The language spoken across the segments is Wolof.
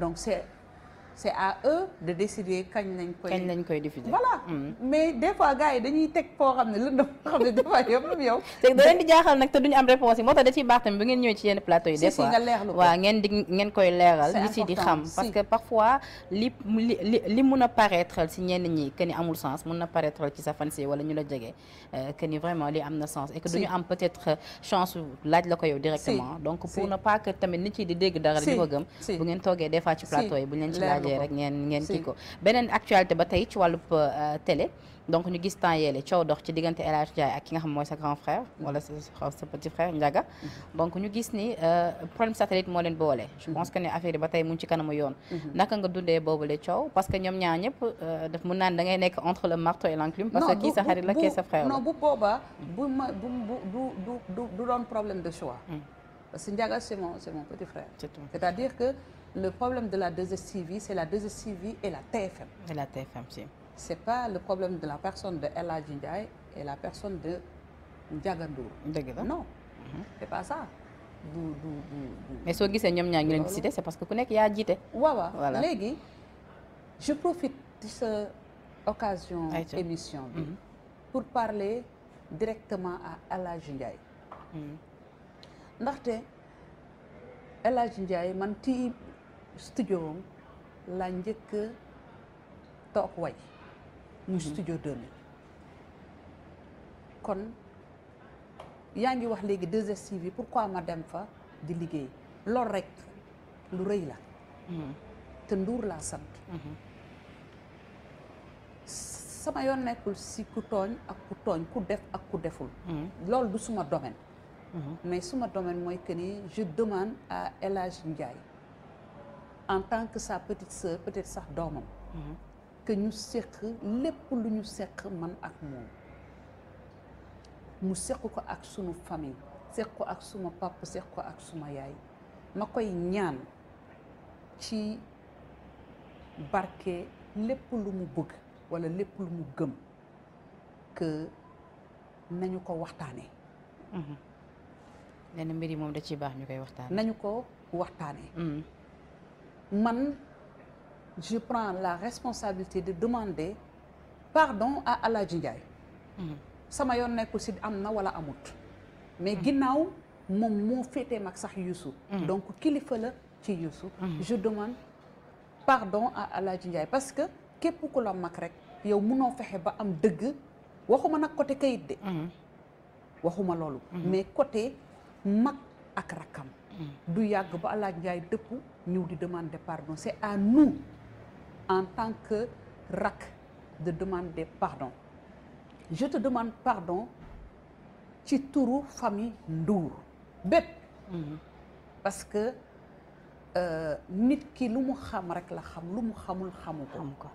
Donc c'est c'est à eux de décider kañ lañ koy. kañ lañ diffuser voilà. Mm. mais des fois gars yi dañuy teg foo xam ne lëndëm foo xam des fois yow yow. te da leen di jaaxal nag te duñu am réponse yi moo tax da ciy baax tamit bu ngeen ñëwee ci yenn plateau yi. des fois waaw ngeen di ngeen koy leeral. li ci di xam parce que parfois li li paraître si ñenn ñi que ni amul sens mun na paraître ci sa fan si wala ñu la jege euh, que ni vraiment li am sens. et que duñu am peut-être euh, chance laaj la ko yow directement. donc pour ne pas que tamit nit yi di dégg dara di ko gëm. bu ngeen toogee des fois ci plateau yi bu ñu leen ci jotee rek ko actualité ba tey ci wàllub euh, télé donc ñu gis temps yeele coow dox ci diganté El Hadj Ndiaye ak ki nga xam moy sa grand frère mm-hmm. wala sa sa petit frère Ndiaga mm-hmm. donc ñu gis ni euh, problème satellite mo leen bolé je mm-hmm. pense que né affaire yi ba tey mu ci kanamu yoon naka nga dundee boobule ciow parce que ñom ñaar ñëpp euh, daf mu naan da ngay nekk entre le marteau et l'enclume parce que ki sa xarit la kii sa frère non bu boobaa mm. bu bu bu du du don problème de choix mm. parce que Ndiaga c'est mon c'est mon petit frère c'est-à-dire que le problème de la deuxième CV, c'est la deuxième CV et la TFM. Et la TFM, si. Ce n'est pas le problème de la personne de Ella Ndiaye et la personne de Ndiagandour. Non, ce mhm. n'est c'est pas ça. Du, du, du, Mais si vous c'est dit que vous c'est parce que vous avez dit Oui, Voilà. Légui, je profite de cette occasion d'émission mhm. pour parler directement à Ella Ndiaye. Mm -hmm. ndaxte El Ndiaye studio am laa njëkk toog way muy mhm. studio 2000 kon yaa ngi wax léegi 2STV yi pourquoi ma dem fa di liggéey loolu rek lu rëy la mhm. te nduur laa sant mhm. sama yoon nekkul si ku tooñ ak ku tooñ ku def ak ku deful loolu du suma domaine mais suma domaine mooy que ni je demande à El Hadj en tant que sa petite sœur peut sax doomam mhm. que ñu seq lépp lu ñu seq man ak moom mu seq ko ak sunu famille seq ko ak suma papa seq ko ak suma yaay ma koy ñaan ci barke lépp lu mu bëgg walla lépp lu mu gëm que nañu ko waxtaanee mhm. nee na mbir yi moom da ciy baax ñu koy waxtaanee nañu ko waxtaanee mhm. man je prends la responsabilité de demander pardon à Aladji Ndiaye mhm. sama yoon nekkul si amna wala amout. mais mhm. ginnaaw moom moo féetee mag sax Youssou mhm. donc kilifa ci Youssou je demande pardon à Aladji Ndiaye parce que képp ku la mag rek yow munoo fexe ba am dëgg waxuma nag côté kayit de waxuma loolu mais côté mag ak du yag ba alaaj njaay depp di demander pardon c'est à nous en tant que rak de demander pardon je te demande pardon ci touru famille Ndour bépp mhm. parce que euh, nit ki lu mu xam rek la xam lu mu xamul xamu ko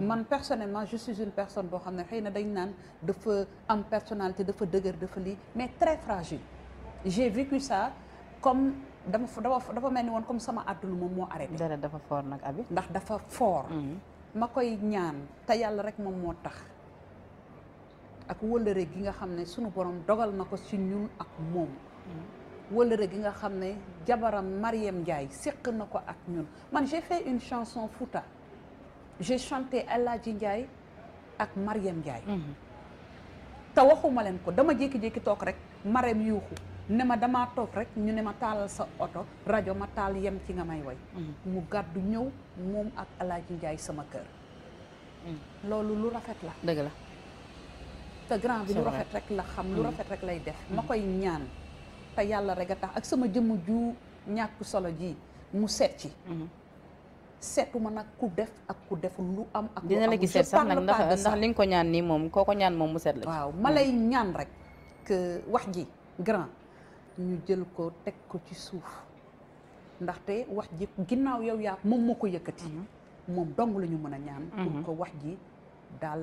man personnellement je suis une personne bo xamne ne xëy na dañ naan dafa am personnalité dafa dëgër dafa li mais très fragile j'ai vécu ça comme dama dafa dafa mel ni woon comme sama àdduna moom moo arrêté. dara dafa fort nag abi. ndax dafa fort. Mhm. ma koy ñaan te yàlla rek moom moo tax. ak wëllëre gi nga xam ne sunu borom dogal na ko ci ñun ak moom. Mhm. wëllëre gi nga xam ne jabaram Mariam Ndiaye séq na ko ak ñun man j'ai fait une chanson Fouta. j'ai chanté El Hadji Ndiaye ak Mariam Ndiaye. Mhm. te waxuma leen ko dama jékki-jékki toog rek Mariam yuuxu. ne ma dama tok rek ñu ne ma taalal sa auto radio ma tal yem ci nga may way mm-hmm. mu gaddu ñew mom ak alaaji ndjay sama kër mm-hmm. lolu lu rafet la deug la te grand bi lu rafet rek la xam lu mm-hmm. rafet rek lay def makoy ñaan te yalla rek a tax ak sama jëm ju ñàkk solo ji mu set ci seetuma nak ku def ak ku def lu am ak dina la ki seet sax nak ndax ndax li ko ñaan ni mom koko ñaan mom mu set la waaw ma ñaan rek ke wax ji grand ñu jël ko teg ko ci suuf ndaxte wax ji ginnaaw yow yaa moom moo ko yëkkati mhm. moom dong lañu ñu mën a ñaan pour ko mhm. wax ji daal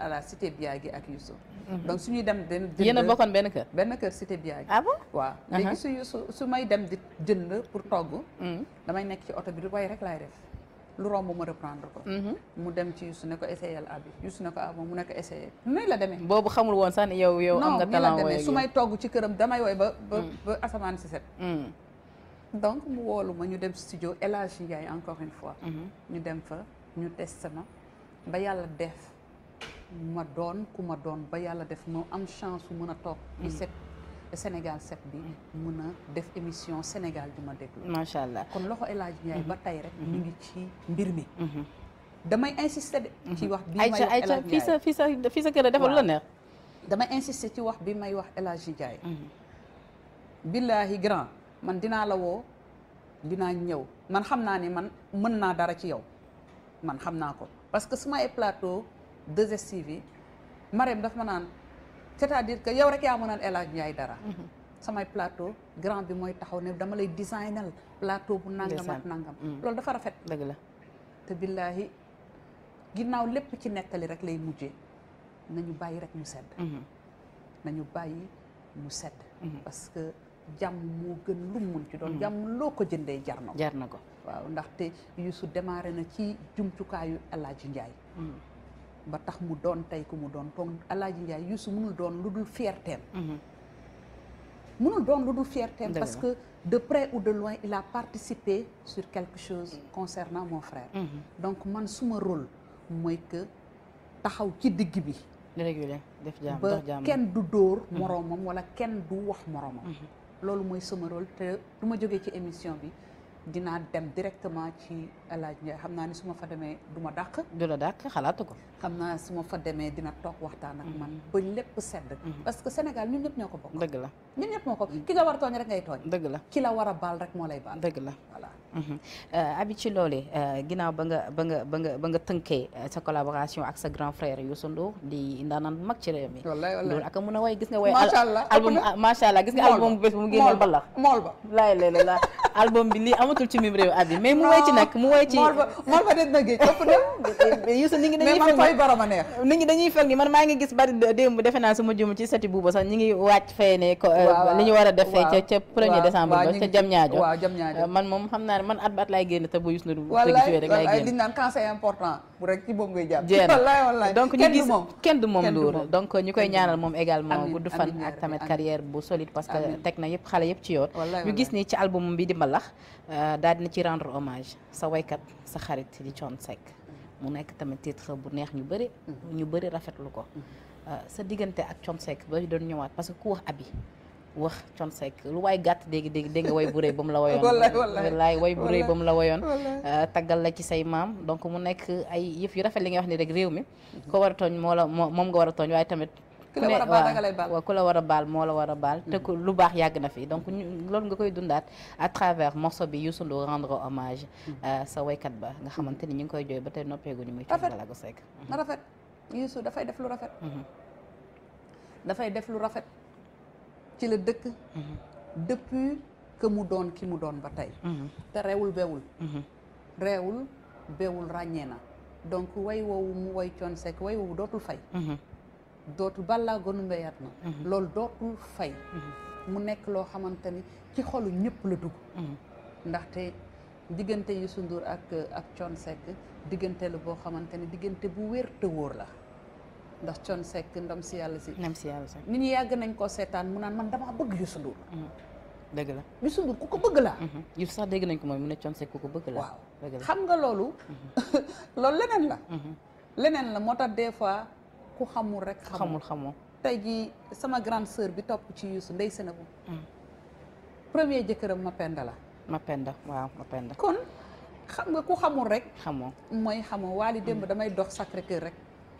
à la cité biagi ak yusuf mhm. donc suñu dem dem yena bokone ben keur ben keur cité biagi ah bon wa uh-huh. legi su yusuf su may dem di jënd pour togg. Mm. damay nek ci auto bi way rek lay def. lu romb ma reprendre ko. Mm-hmm. mu dem ci yusuf ne ko essayé abi yusuf ne ko ah mu ne ko essayé nuy la demé bobu xamul won sax yow yow. am nga talent way su may togg ci keuram damay way ba ba mm. asaman ci si set. Mm. donc mu wolu ma ñu dem studio elage yaay encore une fois. Mm-hmm. ñu dem fa ñu test sama ba yalla def. ma donne kuma donne ba chance su mën a mm. Sénégal set bi mm. émission Sénégal ma déglu kon loxo de ba mm-hmm. tay rek mm-hmm. ngi ci mbir mi mm-hmm. insister ci wax bi may sa fi sa fi sa defal la insister ci wax bi may wax grand man dina la wo dina man xamna man mën na dara ci man parce que suma plateau deux 2STV Marème daf ma naan c'est-à-dire que yow rek yaa mënoon El Hadj Ndiaye dara. Mhm. samay plateau grand bi mooy taxaw ne dama lay designal plateau bu nangam ak nangam. Mhm. loolu dafa rafet. dëgg la te billaahi ginnaaw lépp ci nettali rek lay mujjee nañu bàyyi rek mu sedd. Mhm. nañu bàyyi mu sedd. parce que jàmm moo gën lu mun ci doon. jàmm loo ko jëndee jar na ko. jar na ko waaw ndaxte Youssou démarré na ci jumtukaayu El Hadj Ndiaye. ba tax mu parce que de près ou de loin il a participé sur quelque chose mhm. concernant mon frère mhm. donc man suma rôle mooy que taxaw ci digg bi ba du dóor mhm. moroomam wala kenn du wax rôle te émission directement alaaj Ndiaye xam naa ni su ma fa demee du ma dàq. du la ma mm-hmm. ba lépp sedd. Mm-hmm. parce que Sénégal ñun ñëpp ñoo ko bokk. la ñun ñëpp moo war a tooñ rek ngay tooñ. dëgg la ki la war a baal rek moo lay baal. dëgg la voilà. abi ci loolee ginnaaw ba nga ba nga ba nga ba nga tënkee euh, sa collaboration ak sa grand frère Youssou Ndour di ndaanaan mag ci réew mi. wallaay wallaay loolu ak a a way gis nga. macha allah album ah, macha allah gis nga album bu bés bu mu génneel balax mool ci mim abi mais mu way ci nag mu way xoolee ci Mor ba Mor ba dem na géej ëpp dem Youssou nit ñi dañuy fel fay barama neex nit ñi dañuy fel ni man maa ngi gis bari démb defe naa su ma jëm ci sati buuba sax ñi ngi wàcc euh, a euh, génn te bu Youssou Ndour tëgg ci rek laay génn di naan jàpp rek ci moom ngay jàpp. jéem wallaay wallaay donc ñu gis kenn du moom Ndour donc ñu koy ñaanal mom également gudd fan ak tamit carrière bu solide parce que teg na yëpp xale yëpp ci yoon ñu gis ni ci album bi di mbalax euh, daal dina ci rendre hommage sa way kat sa xarit di Thione sec mu nekk tamit titre bu neex ñu bëri mhm. ñu bëri rafetlu ko mhm. euh, sa diggante ak Thione sec ba doon ñëwaat parce que ku wax abi wax Thione Seck lu waay gàtt dégg dégg dégg way bu rëy ba mu la woyoon wallaay way la euh, taggal la ci say maam donc mu nekk ay yëf yu rafet li nga wax ni rek réew mi ko war a tooñ moo la moom nga war a tooñ waaye tamit ku la war a baal la war a baal moo la war a baal mm. te ku lu baax yàgg na fi donc lool nga koy dundaat à travers morceau bi Youssou Ndour rendre hommage mm. euh, sa waykat ba nga xamante ni ñu ngi koy jooy ba tey noppeeguñu muy Thione Ballago Seck na mm-hmm. rafet Youssou dafay def lu rafet mm-hmm. ci la dëkk mhm. depuis que mu doon ki mu doon ba tey mhm. te reewul bewul mhm. reewul bewul ràññee na donc way woowu mu way coon sekk way woowu dootul fay dootul balaa gonu mbéyat na loolu dootul fay mu nekk loo xamante ni ci xolu ñëpp la dugg ndaxte diggante yu Ndour ak ak diggante la boo xamante ni diggante bu wér te la ndax Thione Seck ndam si yàlla si. ndam si yàlla si yàgg nañ koo seetaan mu naan man damaa bëgg Youssou Ndour. Mm-hmm. dëgg la Youssou Ndour ku ko bëgg laa. Mm-hmm. Youssou sax dégg nañ ko mooy mu ne Thione ku ko bëgg laa. waaw xam nga loolu. Mm-hmm. loolu leneen la. leneen la moo tax des fois ku xamul rek. xamul xamul tey jii sama grande sœur bi topp ci Youssou Ndeye Sénabou. premier jëkkëram Mapenda la. Mapenda waaw Mapenda. kon xam nga ku xamul rek. xamoo mooy xamoo waali démb damay dox Sacré-Cœur rek.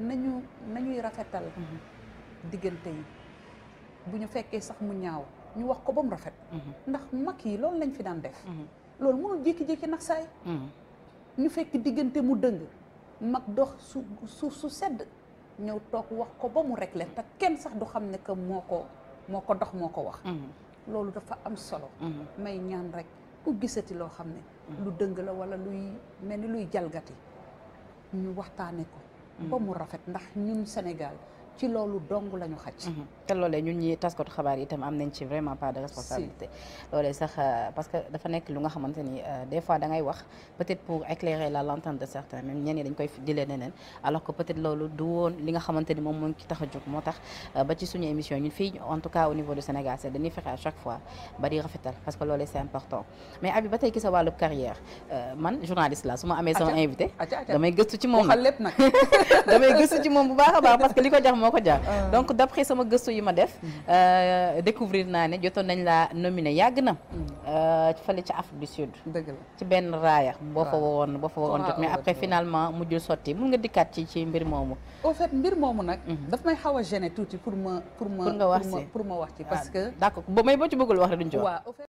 nañu nañuy rafetal mhm. digënté yi buñu féké sax mu ñaaw ñu wax ko bam rafet mhm. ndax mak yi loolu lañ fi daan def mhm. loolu mënul jékki-jékki nak say ñu fék digënté mu dëng mak dox su su sedd ñëw tok wax ko bamu rek le ta kenn sax du xamne ke moko moko ko dox moko wax loolu dafa am solo may ñaan rek ku gisati lo xamne lu dëng la wala luy melni luy jalgati ñu waxtane ko بمرافق نحن من السنغال ci loolu dong lañu xacc mhm. té lolé ñun ñi taskatu xabaar itam am nañ ci vraiment pas de responsabilité. lolé sax euh, parce que dafa nek lu nga xamanteni euh, des fois da ngay wax peut-être pour éclairer la lanterne de certains même ñenn dañ koy dilee neneen alors que peut-être loolu du won li nga xamanteni mom mo ngi ci tax motax euh, ba ci suñu émission ñun fi en tout cas au niveau du Sénégal c'est dañuy fexé à chaque fois ba di rafetal parce que lolé c'est important mais abi batay ki sa walu carrière man journaliste la suma amé son invité damay gëstu ci moom damay gëstu ci mom bu baax a baax parce que liko jax moo ko jaar ah. donc d'après sama gëstu yi ma def euh, découvrir naa ne jotoon nañ la nominé yàgg na euh, fële ci Afrique du Sud dëgg ci benn raaya ah. boo fa wowoon boo fa wowoon jot après finalement mujjul sotti mun nga dikkaat ci ci mbir moomu au fait mbir moomu nag mhm. daf may xaw a gêner tuuti pour ma pour ma nga wax ci pour ma wax ci parce ah, que d'accord ba may boo ci bëggul wax rek duñ ci